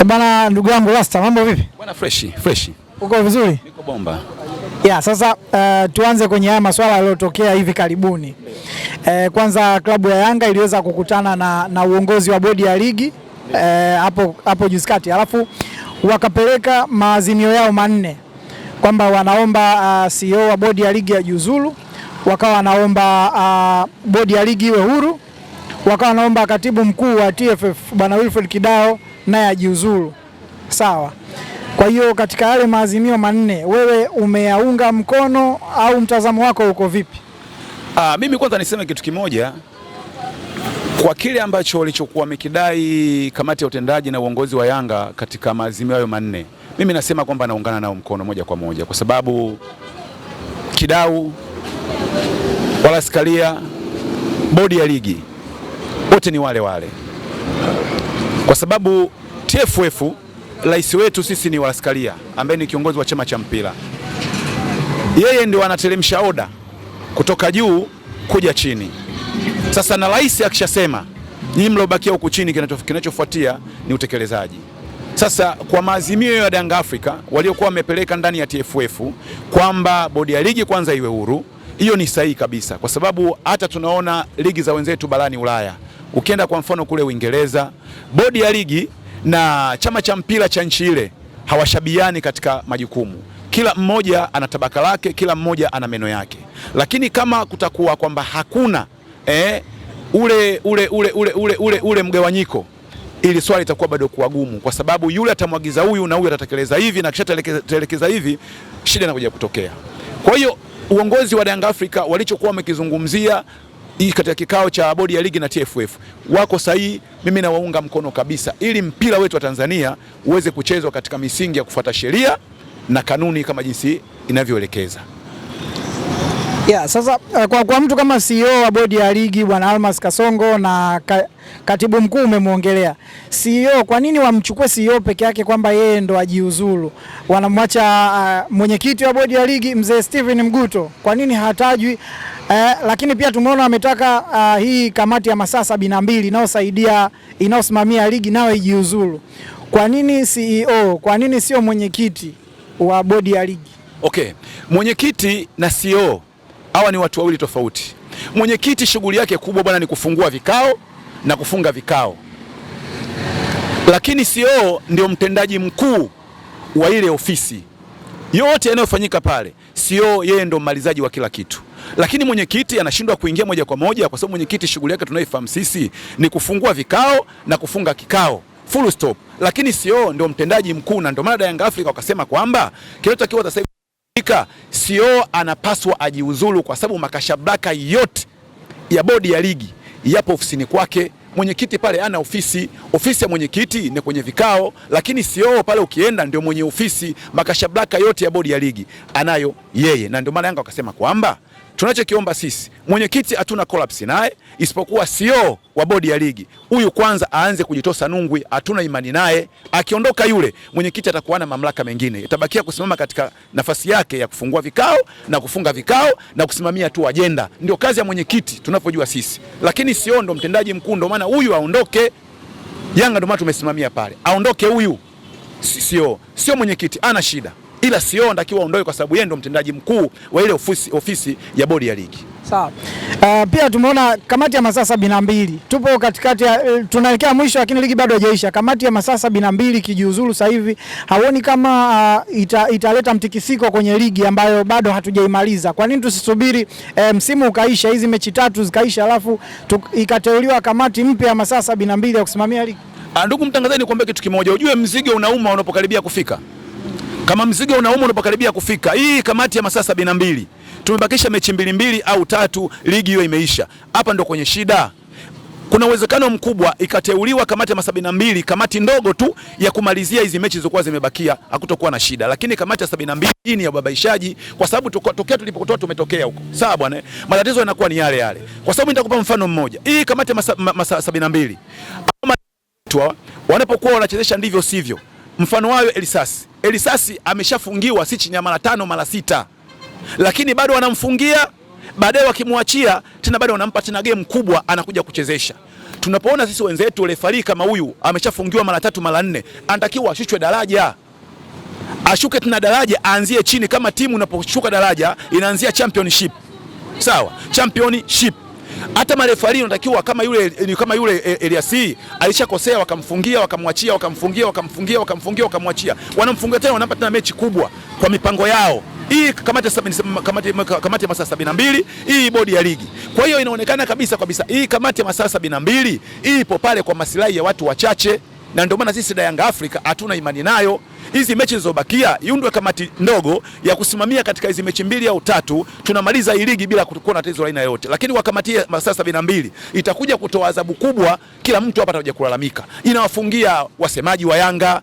E bana, ndugu yangu Rasta, mambo vipi? Bwana fresh, fresh. Uko vizuri? Niko bomba. Ya, sasa uh, tuanze kwenye haya masuala yaliyotokea hivi karibuni. Uh, kwanza klabu ya Yanga iliweza kukutana na, na uongozi wa bodi ya ligi hapo uh, hapo juzi kati, alafu wakapeleka maazimio yao manne kwamba wanaomba uh, ah, CEO wa bodi ya ligi ya juzulu, wakawa wanaomba uh, bodi ya ligi iwe huru, wakawa wanaomba katibu mkuu wa TFF bwana Wilfred Kidao naye ajiuzuru, sawa. Kwa hiyo katika yale maazimio manne wewe umeyaunga mkono au mtazamo wako uko vipi? Ah, mimi kwanza niseme kitu kimoja kwa kile ambacho walichokuwa wamekidai kamati ya utendaji na uongozi wa Yanga katika maazimio hayo manne, mimi nasema kwamba naungana nao mkono moja kwa moja, kwa sababu kidau wala sikalia bodi ya ligi wote ni wale wale kwa sababu TFF rais wetu sisi ni Walaskaria ambaye ni kiongozi wa chama cha mpira, yeye ndio anateremsha oda kutoka juu kuja chini. Sasa na rais akishasema, nyinyi mliobakia huku chini, kinachofuatia ni utekelezaji. Sasa kwa maazimio ya Yanga Africa waliokuwa wamepeleka ndani ya TFF kwamba bodi ya ligi kwanza iwe huru, hiyo ni sahihi kabisa, kwa sababu hata tunaona ligi za wenzetu barani Ulaya Ukienda kwa mfano kule Uingereza, bodi ya ligi na chama cha mpira cha nchi ile hawashabiani katika majukumu. Kila mmoja ana tabaka lake, kila mmoja ana meno yake, lakini kama kutakuwa kwamba hakuna eh, ule, ule, ule, ule, ule, ule, ule mgawanyiko ili swali litakuwa bado kuwa gumu, kwa sababu yule atamwagiza huyu na huyu atatekeleza hivi na kisha telekeza hivi, shida inakuja kutokea. Kwa hiyo uongozi wa dang Africa walichokuwa wamekizungumzia hii katika kikao cha bodi ya ligi na TFF wako sahihi, mimi nawaunga mkono kabisa, ili mpira wetu wa Tanzania uweze kuchezwa katika misingi ya kufuata sheria na kanuni kama jinsi inavyoelekeza. Yeah, sasa eh, kwa, kwa mtu kama CEO wa bodi ya ligi Bwana Almas Kasongo na ka, katibu mkuu umemwongelea CEO, kwa nini wamchukue CEO peke yake kwamba yeye ndo ajiuzulu? Wanamwacha uh, mwenyekiti wa bodi ya ligi mzee Steven Mguto, kwa nini hatajwi Eh, lakini pia tumeona ametaka uh, hii kamati ya masaa sabini na mbili inayosaidia inayosimamia ligi nayo ijiuzuru. Kwa nini CEO? Kwa nini sio mwenyekiti wa bodi ya ligi? Okay, mwenyekiti na CEO hawa ni watu wawili tofauti. Mwenyekiti shughuli yake kubwa bwana ni kufungua vikao na kufunga vikao, lakini CEO ndio mtendaji mkuu wa ile ofisi yote yanayofanyika pale, sio yeye ndo mmalizaji wa kila kitu, lakini mwenyekiti anashindwa kuingia moja kwa moja, kwa sababu mwenyekiti shughuli yake tunayoifahamu sisi ni kufungua vikao na kufunga kikao full stop, lakini sio ndo mtendaji mkuu. Na ndo maana Yanga Africa wakasema kwamba kinachotakiwa sasa hivi sio anapaswa ajiuzulu, kwa sababu makashablaka yote ya bodi ya ligi yapo ofisini kwake mwenyekiti pale ana ofisi. Ofisi ya mwenyekiti ni kwenye vikao, lakini CEO pale ukienda ndio mwenye ofisi, makashablaka yote ya bodi ya ligi anayo yeye, na ndio maana Yanga wakasema kwamba Tunachokiomba sisi, mwenyekiti hatuna collapse naye, isipokuwa CEO wa bodi ya ligi huyu kwanza aanze kujitosa nungwi. Hatuna imani naye, akiondoka yule mwenyekiti atakuwa na mamlaka mengine, itabakia kusimama katika nafasi yake ya kufungua vikao na kufunga vikao na kusimamia tu ajenda. Ndio kazi ya mwenyekiti tunapojua sisi, lakini CEO ndo mtendaji mkuu, ndo maana huyu aondoke. Yanga ndo maana tumesimamia pale, aondoke huyu, sio e sio mwenyekiti, ana shida ila sio anatakiwa aondoe kwa sababu yeye ndo mtendaji mkuu wa ile ofisi, ofisi ya bodi ya ligi. Sawa. Uh, pia tumeona kamati ya masaa sabini na mbili tupo katikati ya uh, tunaelekea mwisho, lakini ligi bado haijaisha. Kamati ya masaa sabini na mbili kijiuzulu sasa hivi, hauoni kama uh, ita, italeta mtikisiko kwenye ligi ambayo bado hatujaimaliza? Kwa nini tusisubiri uh, msimu ukaisha, hizi mechi tatu zikaisha, alafu ikateuliwa kamati mpya ya masaa sabini na mbili ya kusimamia ligi? Ah, ndugu mtangazaji, nikwambia kitu kimoja, ujue mzigo unauma unapokaribia kufika kama mzigo unaumwa unapokaribia kufika. Hii kamati ya masaa sabini na mbili tumebakisha mechi mbili mbili au tatu, ligi hiyo imeisha. Hapa ndo kwenye shida. Kuna uwezekano mkubwa ikateuliwa kamati ya masaa sabini na mbili kamati ndogo tu ya kumalizia hizi mechi zilizokuwa zimebakia, hakutokuwa na shida, lakini kamati ya sabini na mbili hii ni ya ubabaishaji, kwa sababu tokea tulipotoa tumetokea huko, sawa bwana, matatizo yanakuwa ni yale yale. Kwa sababu nitakupa mfano mmoja, hii kamati ya masaa sabini na mbili wanapokuwa wanachezesha ndivyo sivyo, mfano wayo Elisasi Elisasi ameshafungiwa si chini ya mara tano mara sita, lakini bado wanamfungia baadaye, wakimwachia tena bado wanampa tena game kubwa, anakuja kuchezesha. Tunapoona sisi wenzetu refari kama huyu ameshafungiwa mara tatu mara nne, anatakiwa ashushwe daraja, ashuke tena daraja, aanzie chini. Kama timu unaposhuka daraja inaanzia championship, sawa? Championship hata marefari unatakiwa kama yule kama yule eh, Eliasi alishakosea, wakamfungia wakamwachia, wakamfungia wakamfungia wakamfungia wakamwachia, wanamfungia tena, wanampa tena mechi kubwa kwa mipango yao hii kamati ya masaa sabini na mbili hii bodi ya ligi. Kwa hiyo inaonekana kabisa kabisa hii kamati ya masaa sabini na mbili hii ipo pale kwa masilahi ya watu wachache na ndio maana sisi da Yanga Africa hatuna imani nayo. Hizi mechi zilizobakia iundwe kamati ndogo ya kusimamia katika hizi mechi mbili au tatu, tunamaliza hii ligi bila kuwa na tatizo aina yoyote, lakini wakamatia masaa sabini na mbili itakuja kutoa adhabu kubwa. Kila mtu hapa atakuja kulalamika, inawafungia wasemaji wa Yanga,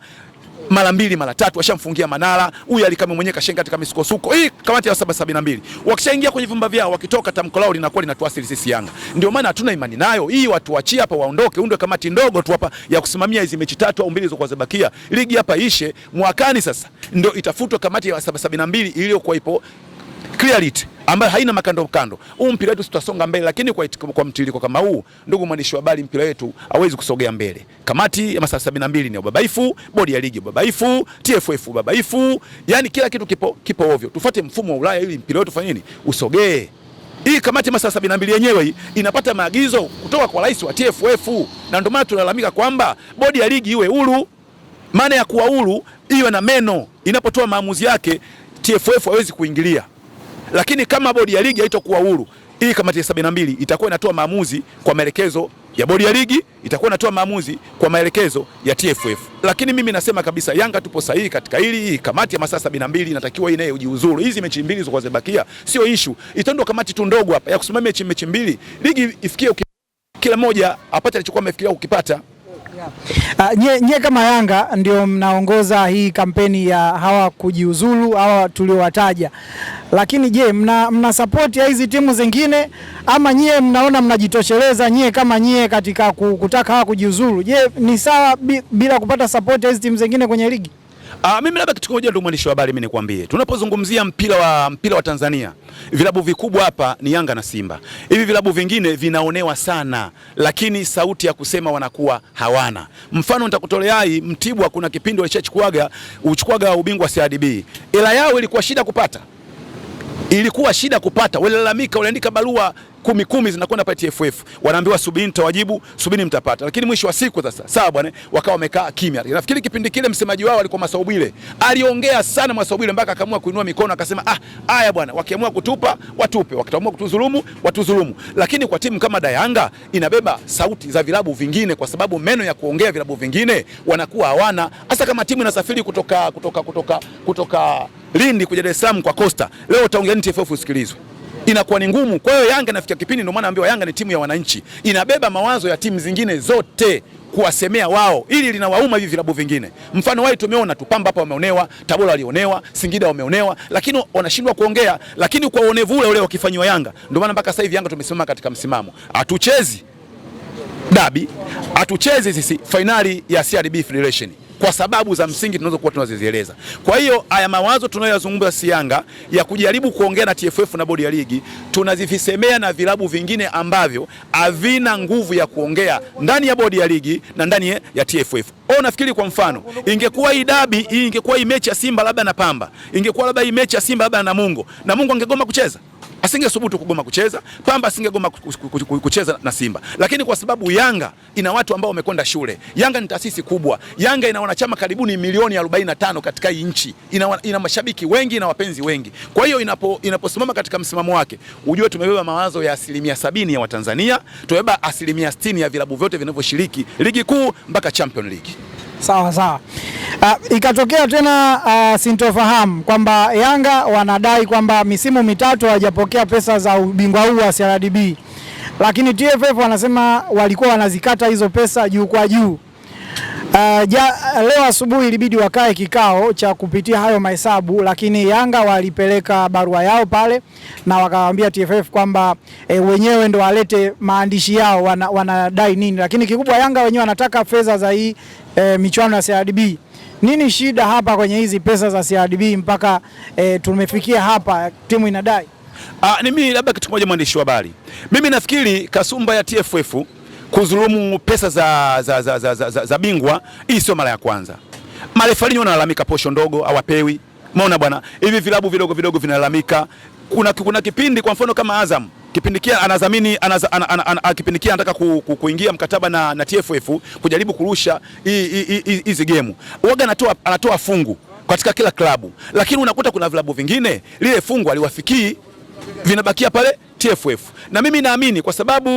mara mbili mara tatu, washamfungia Manara huyu alikama mwenyewe kashenga katika misukosuko hii. Kamati ya saba sabini na mbili wakishaingia kwenye vyumba vyao, wakitoka tamko lao linakuwa linatuasili sisi Yanga. Ndio maana hatuna imani nayo hii, watu wachie hapa waondoke, undwe kamati ndogo tu hapa ya kusimamia hizi mechi tatu au mbili zilizokuwa zibakia, ligi hapa ishe mwakani. Sasa ndio itafutwa kamati ya saba sabini na mbili iliyokuwa ipo clarity ambayo haina makando kando. Huu mpira wetu tutasonga mbele, lakini kwa, kwa mtiririko kama huu, ndugu mwandishi wa habari, mpira wetu hawezi kusogea mbele. Kamati ya masaa sabini na mbili ni ubabaifu, bodi ya ligi ubabaifu, TFF ubabaifu, yani kila kitu kipo, kipo ovyo. Tufuate mfumo wa Ulaya ili mpira wetu fanyeni usogee. Hii kamati ya masaa sabini na mbili yenyewe inapata maagizo kutoka kwa rais wa TFF, na ndio maana tunalalamika kwamba bodi ya ligi iwe huru. Maana ya kuwa huru iwe na meno, inapotoa maamuzi yake TFF hawezi kuingilia lakini kama bodi ya ligi haitakuwa huru, hii kamati ya sabini na mbili itakuwa inatoa maamuzi kwa maelekezo ya bodi ya ligi, itakuwa inatoa maamuzi kwa maelekezo ya TFF. Lakini mimi nasema kabisa, Yanga tupo sahihi katika hili. Hii kamati ya masaa sabini na mbili inatakiwa inaye ujiuzuru. Hizi mechi mbili zilizokuwa zimebakia sio ishu, itaundwa kamati tu ndogo hapa ya kusimamia mechi mbili, ligi ifikie kila moja apate alichokuwa amefikiria kukipata. Uh, ah, nye, nye kama Yanga ndio mnaongoza hii kampeni ya hawa kujiuzulu hawa tuliowataja, lakini je, mna, mna sapoti ya hizi timu zingine ama nyie mnaona mnajitosheleza nyie kama nyie katika kutaka hawa kujiuzulu? Je, ni sawa bila kupata sapoti ya hizi timu zingine kwenye ligi? Ah, mimi labda kitu kimoja ndio mwandishi wa habari mimi nikwambie. Tunapozungumzia mpira wa mpira wa Tanzania, vilabu vikubwa hapa ni Yanga na Simba. Hivi vilabu vingine vinaonewa sana, lakini sauti ya kusema wanakuwa hawana. Mfano nitakutolea hii Mtibwa kuna kipindi walishachukuaga uchukuaga ubingwa CRDB. Ila yao ilikuwa shida kupata. Ilikuwa shida kupata, walilalamika, waliandika barua kumi kumi zinakwenda pale TFF, wanaambiwa subiri, nitawajibu, subiri mtapata. Lakini mwisho wa siku sasa, sawa bwana, wakawa wamekaa kimya. Nafikiri kipindi kile msemaji wao alikuwa Masaubile, aliongea sana Masaubile mpaka akaamua kuinua mikono akasema, ah, haya bwana, wakiamua kutupa watupe, wakitaamua kutudhulumu watudhulumu. Lakini kwa timu kama Dayanga inabeba sauti za vilabu vingine, kwa sababu meno ya kuongea vilabu vingine wanakuwa hawana, hasa kama timu inasafiri kutoka kutoka kutoka kutoka kutoka Lindi kuja Dar es Salaam kwa Costa, leo utaongea nini TFF usikilizwe, inakuwa ni ngumu. Kwa hiyo Yanga nafikia kipindi, ndio maana naambiwa Yanga ni timu ya wananchi, inabeba mawazo ya timu zingine zote kuwasemea wao, ili linawauma hivi vilabu vingine. Mfano wao tumeona tu Pamba hapa wameonewa, Tabora walionewa, Singida wameonewa, lakini wanashindwa kuongea. Lakini kwa uonevu ule ule wakifanywa Yanga, ndio maana mpaka sasa hivi Yanga tumesimama katika msimamo, hatuchezi dabi, hatuchezi sisi fainali ya CRB Federation kwa sababu za msingi tunazokuwa tunazizieleza. Kwa hiyo haya mawazo tunayoyazungumza Sianga ya kujaribu kuongea na TFF na bodi ya ligi, tunazivisemea na vilabu vingine ambavyo havina nguvu ya kuongea ndani ya bodi ya ligi na ndani ya TFF. O, nafikiri kwa mfano ingekuwa hii dabi hii, ingekuwa hii mechi ya Simba labda na Pamba, ingekuwa labda hii mechi ya Simba labda na Namungo, Namungo angegoma kucheza asingesubutu kugoma kucheza. Pamba asingegoma kucheza na Simba, lakini kwa sababu Yanga ina watu ambao wamekwenda shule. Yanga ni taasisi kubwa. Yanga ina wanachama karibuni milioni 45 katika hii nchi, ina, ina mashabiki wengi na wapenzi wengi. Kwa hiyo inapo, inaposimama katika msimamo wake, ujue tumebeba mawazo ya asilimia sabini ya Watanzania, tumebeba asilimia sitini ya vilabu vyote vinavyoshiriki ligi kuu mpaka Champion League sawa sawa. Uh, ikatokea tena uh, sintofahamu kwamba Yanga wanadai kwamba misimu mitatu hawajapokea pesa za ubingwa huu wa CRDB, lakini TFF wanasema walikuwa wanazikata hizo pesa juu kwa juu. Uh, ja, leo asubuhi ilibidi wakae kikao cha kupitia hayo mahesabu, lakini Yanga walipeleka barua yao pale na wakawaambia TFF kwamba e, wenyewe ndo walete maandishi yao wanadai wana nini, lakini kikubwa Yanga wenyewe wanataka fedha za hii e, michuano ya CRDB. Nini shida hapa kwenye hizi pesa za CRDB mpaka e, tumefikia hapa timu inadai? Ah, ni mimi labda kitu moja mwandishi wa habari, mimi nafikiri kasumba ya TFF kuzulumu pesa za, za, za, za, za, za za bingwa. Hii sio mara ya kwanza. Marefa wenyewe wanalalamika posho ndogo hawapewi. Maona bwana, hivi vilabu vidogo vidogo vinalalamika. Kuna, kuna kipindi kwa mfano kama Azam kipindikia anadhamini anaza, an, an, an, kipindikia anataka ku, ku, kuingia mkataba na, na TFF kujaribu kurusha hizi gemu waga anatoa, anatoa fungu katika kila klabu, lakini unakuta kuna vilabu vingine lile fungu aliwafikii vinabakia pale TFF, na mimi naamini kwa sababu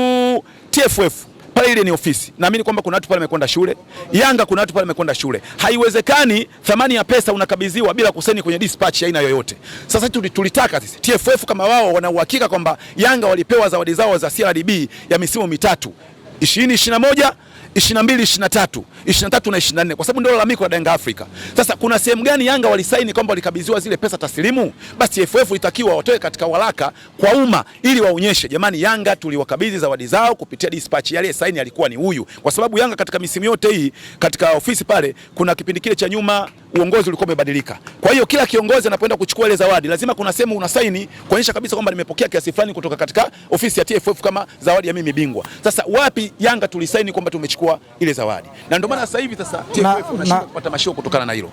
TFF pale ile ni ofisi. Naamini kwamba kuna watu pale wamekwenda shule. Yanga kuna watu pale wamekwenda shule. Haiwezekani thamani ya pesa unakabidhiwa bila kusaini kwenye dispatch aina yoyote. Sasa tulitaka sisi TFF kama wao wana uhakika kwamba Yanga walipewa zawadi zao za CRDB ya misimu mitatu 2021 22, 23, 23 na 24 kwa sababu ndio lalamiko la Yanga Afrika. Sasa kuna sehemu gani Yanga walisaini kwamba walikabidhiwa zile pesa taslimu? Basi FF itakiwa watoe katika waraka kwa umma ili waonyeshe jamani, Yanga tuliwakabidhi zawadi zao kupitia dispatch, yale saini alikuwa ni huyu. Kwa sababu Yanga katika misimu yote hii katika ofisi pale, kuna kipindi kile cha nyuma uongozi ulikuwa umebadilika. Kwa hiyo kila kiongozi anapoenda kuchukua ile zawadi lazima kuna sehemu una saini kuonyesha kabisa kwamba nimepokea kiasi fulani kutoka katika ofisi ya TFF kama zawadi ya mimi bingwa. Sasa wapi Yanga tulisaini kwamba tumechukua kuchukua ile zawadi, na ndio maana sasa hivi sasa TFF kupata mashio kutokana na hilo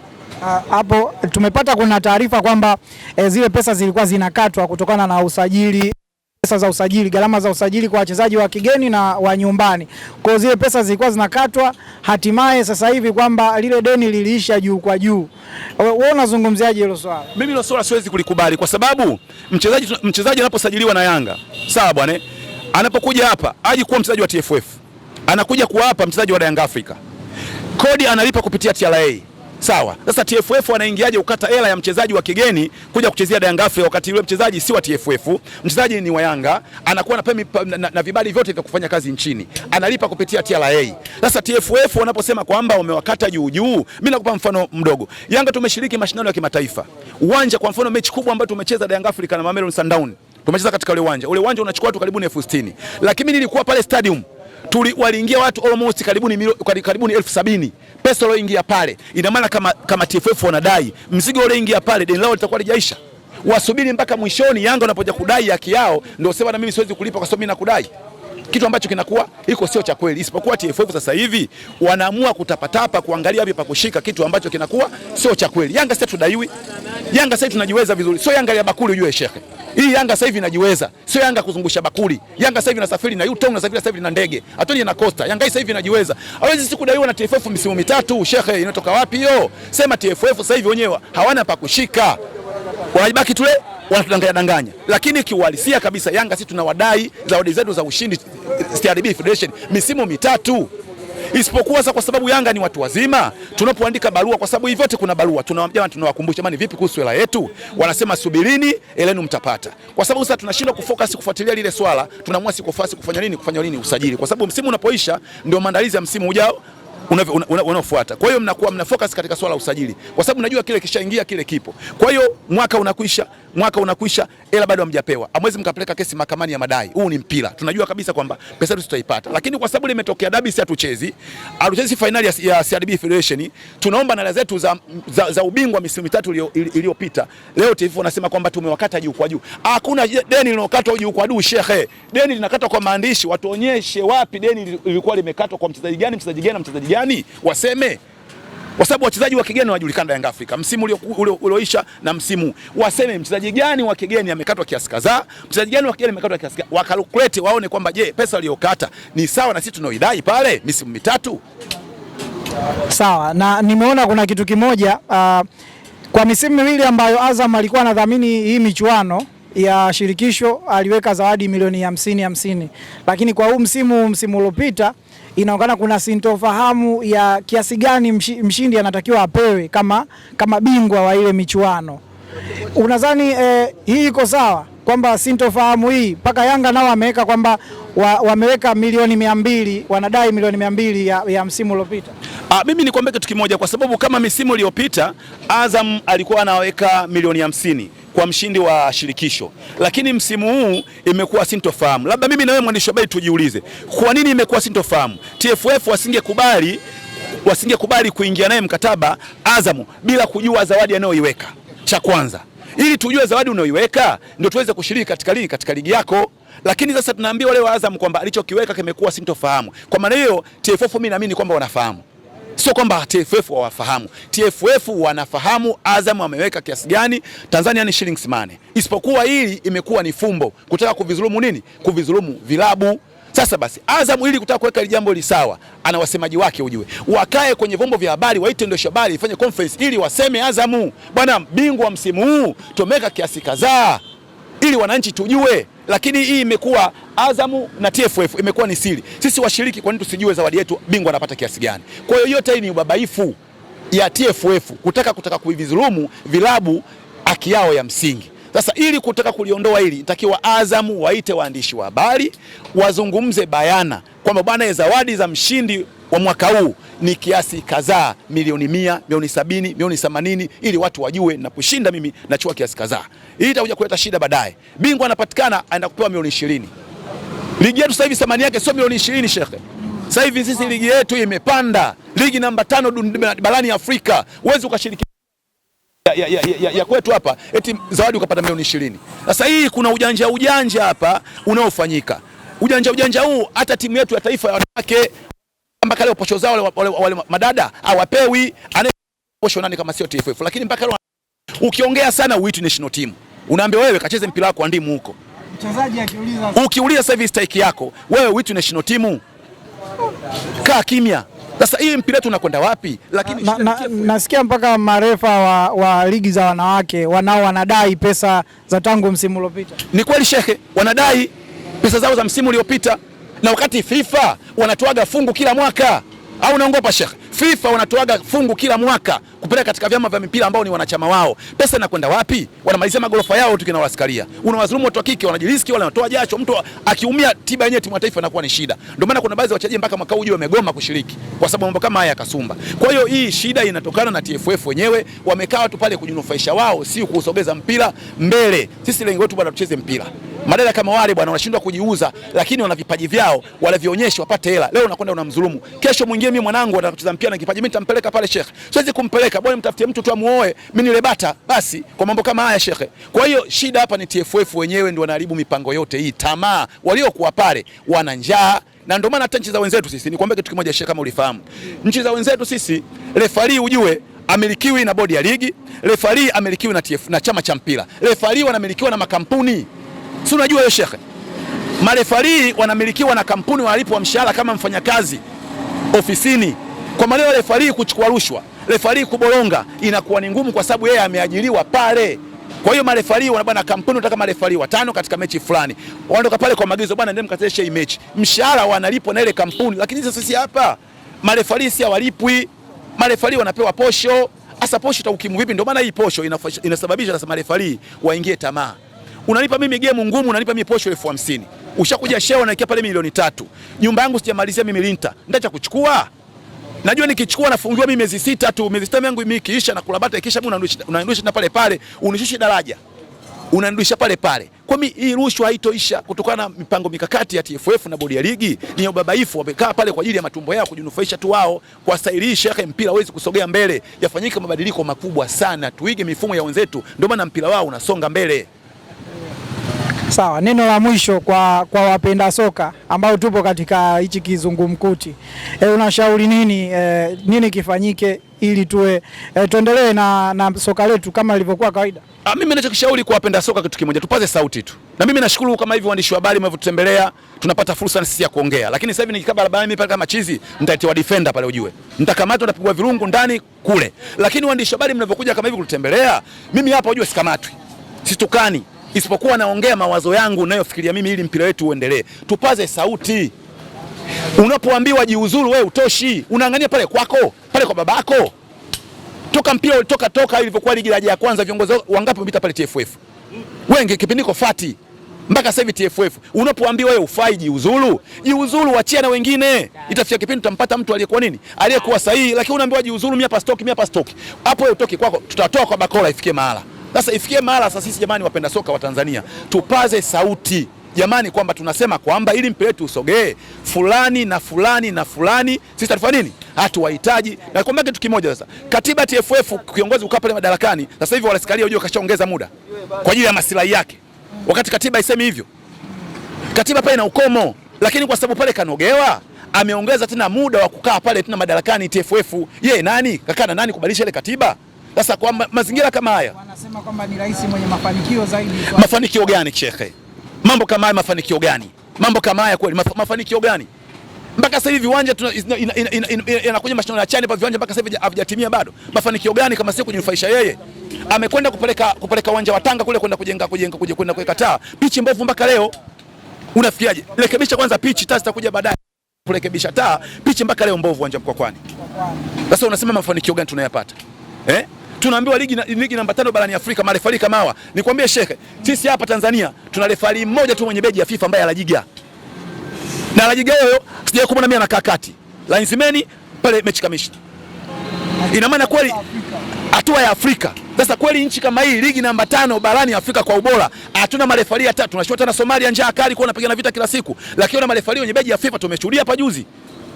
ah, hapo. Tumepata kuna taarifa kwamba e, zile pesa zilikuwa zinakatwa kutokana na usajili pesa za usajili, gharama za usajili kwa wachezaji wa kigeni na wa nyumbani. Kwa zile pesa zilikuwa zinakatwa, hatimaye sasa hivi kwamba lile deni liliisha juu kwa juu. Wewe unazungumziaje hilo swala? Mimi hilo swala siwezi kulikubali kwa sababu mchezaji mchezaji anaposajiliwa na Yanga, sawa bwana, eh, anapokuja hapa aje kuwa mchezaji wa TFF anakuja kuwapa mchezaji wa Young Africa kodi analipa kupitia TRA sawa. Sasa TFF wanaingiaje ukata hela ya mchezaji wa kigeni kuja kuchezea Young Africa wakati yule mchezaji si wa TFF, mchezaji ni wa Yanga, anakuwa na, pemi, na, na, na vibali vyote vya kufanya kazi nchini, analipa kupitia TRA. Sasa TFF wanaposema kwamba wamewakata juu juu, mimi nakupa mfano mdogo. Yanga tumeshiriki mashindano ya kimataifa, uwanja kwa mfano, mechi kubwa ambayo tumecheza Young Africa na Mamelodi Sundowns, tumecheza katika ule uwanja. Ule uwanja unachukua watu karibu elfu sitini, lakini nilikuwa pale stadium tuli waliingia watu almost karibuni, karibuni elfu sabini pesa walioingia pale, ina maana kama, kama TFF wanadai mzigo ulioingia pale, deni lao litakuwa lijaisha. Wasubiri mpaka mwishoni Yanga wanapoja kudai haki yao, ndio sema na mimi siwezi kulipa kwa sababu mimi nakudai kitu ambacho kinakuwa iko sio cha kweli, isipokuwa TFF sasa hivi wanaamua kutapatapa kuangalia wapi pa kushika kitu ambacho kinakuwa sio cha kweli. Yanga sasa tudaiwi, Yanga sasa tunajiweza vizuri, sio Yanga ya bakuli ujue shekhe. Hii Yanga sasa hivi inajiweza, sio Yanga kuzungusha bakuli. Yanga sasa hivi nasafiri na U-turn, inasafiri sasa hivi na ndege, hatoni na Costa. Yanga sasa hivi inajiweza, hawezi siku daiwa na TFF misimu mitatu. Shekhe, inatoka wapi hiyo? Sema TFF sasa hivi wenyewe hawana pa kushika, wanabaki tule wanatudanganya danganya, lakini kiuhalisia kabisa Yanga sisi tunawadai zawadi zetu za ushindi CRB Federation misimu mitatu isipokuwa sasa, kwa sababu Yanga ni watu wazima, tunapoandika barua, kwa sababu hivyo kuna barua, tunawambia tunawakumbusha, mani vipi kuhusu hela yetu? Wanasema subirini, elenu mtapata. Kwa sababu sasa tunashindwa kufocus kufuatilia lile swala, tunaamua sikofasi kufanya nini, kufanya nini usajili, kwa sababu msimu unapoisha ndio maandalizi ya msimu ujao unaofuata una, una. Kwa hiyo mnakuwa mna focus katika swala la usajili, kwa sababu najua kile kishaingia, kile kipo. Kwa hiyo mwaka unakwisha, mwaka unakwisha ila bado hamjapewa, amwezi mkapeleka kesi mahakamani ya madai. Huu ni mpira, tunajua kabisa kwamba pesa yetu tutaipata, lakini kwa sababu limetokea dabi, si hatuchezi, hatuchezi fainali ya, ya CRB Federation. Tunaomba nala zetu za, za, za ubingwa misimu mitatu iliyopita. Leo TV wanasema kwamba tumewakata juu kwa juu. Hakuna deni linalokatwa juu kwa juu, shekhe. Deni linakatwa kwa maandishi, watuonyeshe wapi deni lilikuwa limekatwa kwa mchezaji gani, mchezaji gani na mchezaji gani, waseme kwa sababu wachezaji wa kigeni wanajulikana Yanga Afrika msimu ulioisha na msimu, waseme mchezaji gani wa kigeni amekatwa kiasi kadhaa, mchezaji gani wa kigeni amekatwa kiasi kadhaa, wakalukulete waone kwamba je, pesa aliyokata ni sawa na sisi tunaoidai pale misimu mitatu. Sawa na nimeona kuna kitu kimoja uh, kwa misimu miwili ambayo Azam alikuwa anadhamini hii michuano ya shirikisho aliweka zawadi milioni hamsini hamsini, lakini kwa huu msimu msimu uliopita inaonekana kuna sintofahamu ya kiasi gani mshindi anatakiwa apewe kama, kama bingwa wa ile michuano. Unadhani eh, hii iko sawa kwamba sintofahamu hii mpaka Yanga nao wameweka kwamba wa, wameweka milioni mia mbili wanadai milioni mia mbili ya, ya msimu uliopita. Ah, mimi nikwambie kitu kimoja, kwa sababu kama misimu iliyopita Azam alikuwa anaweka milioni hamsini kwa mshindi wa shirikisho, lakini msimu huu imekuwa sintofahamu. Labda mimi na wewe mwandishi wa habari tujiulize, kwa nini imekuwa sintofahamu? TFF wasingekubali wasingekubali kuingia naye mkataba Azamu bila kujua zawadi anayoiweka. Cha kwanza ili tujue zawadi unayoiweka ndio tuweze kushiriki katika ligi katika ligi yako. Lakini sasa tunaambiwa leo Azam kwamba alichokiweka kimekuwa sintofahamu. Kwa maana hiyo TFF, mimi naamini kwamba wanafahamu Sio kwamba TFF hawafahamu, TFF wanafahamu Azam ameweka kiasi gani Tanzania ni shilingi simane, isipokuwa hili imekuwa ni fumbo kutaka kuvizulumu nini, kuvizulumu vilabu. Sasa basi, Azam ili kutaka kuweka jambo jambo sawa ana wasemaji wake, ujue wakae kwenye vyombo vya habari, waite ndio shabari ifanye conference ili waseme Azamu bwana, bingwa msimu huu tumeweka kiasi kadhaa, ili wananchi tujue lakini hii imekuwa Azamu na TFF imekuwa ni siri. Sisi washiriki, kwa nini tusijue zawadi yetu bingwa anapata kiasi gani? Kwa hiyo yote hii ni ubabaifu ya TFF kutaka kutaka kuvidhulumu vilabu haki yao ya msingi. Sasa ili kutaka kuliondoa hili, itakiwa Azamu waite waandishi wa habari wazungumze bayana kwamba bwana, zawadi za mshindi wa mwaka huu ni kiasi kadhaa, milioni mia, milioni sabini, milioni themanini, ili watu wajue naposhinda mimi nachukua kiasi kadhaa. Hii itakuja kuleta shida baadaye. Bingwa anapatikana aenda kupewa milioni ishirini. Ligi yetu sasa hivi thamani yake sio milioni ishirini, shekhe. Sasa hivi sisi ligi yetu imepanda, ligi namba tano barani Afrika. Huwezi ukashiriki ya, ya, ya, ya, ya kwetu hapa eti zawadi ukapata milioni ishirini. Sasa hii kuna ujanja ujanja hapa unaofanyika ujanja ujanja huu, hata timu yetu ya taifa ya wanawake mpaka leo posho zao wale, wale, wale madada hawapewi anaposho nani kama sio TFF. Lakini mpaka leo ukiongea sana uitu national team, unaambiwa wewe kacheze mpira wako ndimu huko. Mchezaji akiuliza ukiuliza sasa hivi strike yako wewe uitu national team, kaa kimya. Sasa hii mpira wetu unakwenda wapi? Lakini na, na, nasikia mpaka marefa wa, wa ligi za wanawake wanao wanadai pesa za tangu msimu uliopita. Ni kweli shehe, wanadai pesa zao za msimu uliopita na wakati FIFA wanatoaga fungu kila mwaka, au unaongopa shekhe? FIFA wanatoaga fungu kila mwaka kupeleka katika vyama vya mipira ambao ni wanachama wao. Pesa inakwenda wapi? Wanamalizia magorofa yao tu kinawasikalia. Unawadhulumu watu wa kike, wanajiriski wala wanatoa jasho, mtu akiumia tiba yenyewe timu ya taifa inakuwa ni shida. Ndio maana kuna baadhi ya wachezaji mpaka mwaka huu wamegoma kushiriki kwa sababu mambo kama haya kasumba. Kwa hiyo hii shida inatokana na TFF wenyewe, wamekaa tu pale kujinufaisha wao, si kuusogeza mpira mbele. Sisi lengo letu bado tucheze mpira. Madada kama wale bwana wanashindwa kujiuza, lakini wana vipaji vyao, wanavionyesha wapate hela. Leo unakwenda unamdhulumu, kesho mwingine mimi mwanangu anataka mpira na kipaji, mimi nitampeleka pale shekhe. Siwezi kumpeleka bwana, mtafutie mtu tu amuoe, mimi nile bata basi, kwa mambo kama haya shekhe. Kwa hiyo shida hapa ni TFF wenyewe ndio wanaharibu mipango yote hii. Tamaa waliokuwa pale wana njaa na ndio maana hata nchi za wenzetu sisi, nikwambia kitu kimoja shekhe, kama ulifahamu, nchi za wenzetu sisi refari ujue amilikiwi na bodi ya ligi, refari amilikiwi na TF, na chama cha mpira, refari wanamilikiwa na makampuni si unajua hiyo shekhe, marefarii wanamilikiwa na kampuni, wanalipwa mshahara kama mfanyakazi ofisini. Kwa maana refarii kuchukua rushwa, refarii kuboronga inakuwa ni ngumu, kwa sababu yeye ameajiriwa pale. Kwa hiyo marefarii wana bwana, kampuni unataka marefarii watano katika mechi fulani, waondoka pale kwa maagizo, bwana, ndio mkatesha hii mechi. Mshahara wanalipwa na ile kampuni, lakini sasa sisi hapa marefarii si hawalipwi, marefarii wanapewa posho. Asa posho itakukimu vipi? Ndio maana hii posho inasababisha sasa marefarii waingie tamaa unanipa mimi gemu ngumu, unanipa mimi posho elfu hamsini ushakuja shewa na pale milioni tatu, nyumba yangu sijamalizia mimi linta, ndacha kuchukua najua nikichukua nafungiwa mimi miezi sita tu, miezi sita yangu mimi ikiisha na kulabata ikisha, mimi unanirudisha na pale pale, unishushe daraja, unanirudisha pale pale. Kwa mimi hii rushwa haitoisha kutokana na mipango mikakati ya TFF na bodi ya ligi. Ni ubabaifu, wamekaa pale kwa ajili ya matumbo yao kujinufaisha tu wao, kwa sahilisha yake mpira hawezi kusogea mbele. Yafanyike mabadiliko makubwa sana, tuige mifumo ya wenzetu, ndio maana mpira wao unasonga mbele. Sawa, neno la mwisho kwa, kwa wapenda soka ambao tupo katika hichi kizungumkuti e, unashauri nini e, nini kifanyike ili tuwe e, tuendelee na, na soka letu kama lilivyokuwa kawaida? Ah, mimi ninachokishauri kwa wapenda soka kitu kimoja, tupaze sauti tu, na mimi nashukuru kama hivi waandishi wa habari mnavyotutembelea, tunapata fursa sisi ya kuongea, lakini sasa hivi nikikaa barabarani mimi pale kama chizi nitaitwa defender pale, ujue nitakamatwa, napigwa virungu ndani kule, lakini waandishi wa habari mnavyokuja kama hivi kutembelea mimi hapa, ujue sikamatwi, situkani isipokuwa naongea mawazo yangu nayofikiria mimi, ili mpira wetu uendelee. Tupaze sauti. Unapoambiwa jiuzuru, wewe utoshi, unaangania pale kwako, pale kwa babako. Toka mpira ulitoka toka ilivyokuwa ligi ya kwanza, viongozi wangapi wamepita pale TFF? Wengi kipindi ko fati mpaka sasa hivi TFF. Unapoambiwa wewe ufai, jiuzuru, jiuzuru, wachia na wengine. Itafikia kipindi tutampata mtu aliyekuwa nini, aliyekuwa sahihi, lakini unaambiwa jiuzuru, mimi hapa stoki, mimi hapa stoki. Hapo wewe utoki kwako, tutatoa kwa bakola ifikie mahala sasa ifikie mara sasa sisi jamani, wapenda soka wa Tanzania tupaze sauti jamani, kwamba tunasema kwamba ili mpira wetu usogee, fulani na fulani na fulani, sisi tutafanya nini? Hatuwahitaji. Na kuambia kitu kimoja sasa, katiba TFF kiongozi ukaa pale madarakani sasa hivi wanasikalia, unajua kashaongeza muda kwa ajili ya masilahi yake, wakati katiba isemi hivyo. Katiba pale ina ukomo, lakini kwa sababu pale kanogewa ameongeza tena muda wa kukaa pale tena madarakani TFF. Yeye nani kakaa na nani kubadilisha ile katiba? Sasa kwa ma mazingira kama haya, wanasema kwamba ni rais mwenye mafanikio zaidi. Mafanikio gani shekhe? Mambo kama haya mafanikio gani? Mambo kama haya kweli mafanikio gani? Mpaka sasa hivi viwanja yanakuja mashindano ya chani pa viwanja mpaka sasa hivi havijatimia bado. Mafanikio gani kama sio kujinufaisha yeye? Amekwenda kupeleka kupeleka uwanja wa Tanga kule kwenda kujenga kujenga kuja kwenda kuweka taa, pichi mbovu mpaka leo. Unafikiaje? Rekebisha kwanza pichi, taa zitakuja baadaye. Kurekebisha taa, pichi mpaka leo mbovu uwanja Mkwakwani. Sasa unasema mafanikio gani tunayapata eh? tunaambiwa ligi, na, ligi namba tano barani Afrika marefari kama hawa. Nikwambie shekhe, sisi hapa Tanzania tuna refari mmoja tu mwenye beji ya FIFA ambaye anajiga na anajiga huyo, sijawahi kumwona mimi anakaa kati lainsimeni pale mechi kamishna. Ina maana kweli hatua ya Afrika sasa kweli nchi kama hii ligi namba tano barani Afrika kwa ubora hatuna marefari hata. Tunashuhudia na Somalia njaa kali kwa wanapigana vita kila siku, lakini na marefari wenye beji ya FIFA tumeshuhudia hapa juzi.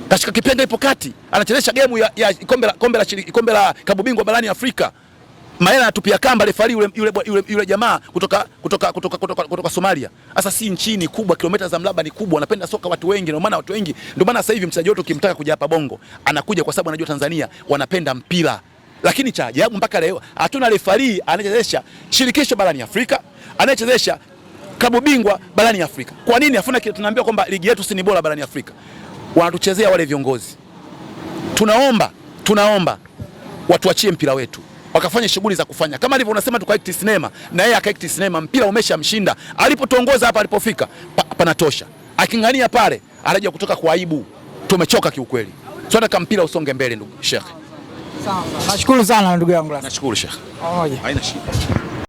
Kashika kipenga ipo kati, anachezesha gemu ya, ya kombe la kombe la kombe la kabu bingwa barani Afrika. Maela anatupia kamba refari yule yule yule, yule jamaa kutoka kutoka kutoka kutoka, kutoka Somalia. Sasa si nchini kubwa, kilomita za mraba ni kubwa, anapenda soka watu wengi, ndio maana watu wengi, ndio maana sasa hivi mchezaji wote ukimtaka kuja hapa Bongo anakuja kwa sababu anajua Tanzania wanapenda mpira. Lakini cha ajabu mpaka leo hatuna refari anayechezesha shirikisho barani Afrika, anayechezesha klabu bingwa barani Afrika. Kwa nini? Afuna kile tunaambiwa kwamba ligi yetu si ni bora barani Afrika wanatuchezea wale viongozi. Tunaomba, tunaomba watuachie mpira wetu wakafanya shughuli za kufanya kama alivyo unasema tukaekti sinema na yeye akaekti sinema. Mpira umeshamshinda alipotuongoza hapa, alipofika pa, panatosha, aking'ania pale, anaja kutoka kwa aibu. Tumechoka kiukweli, tunataka mpira usonge mbele. Ndugu Sheikh, nashukuru sana ndugu yangu, nashukuru Sheikh. Haina shida.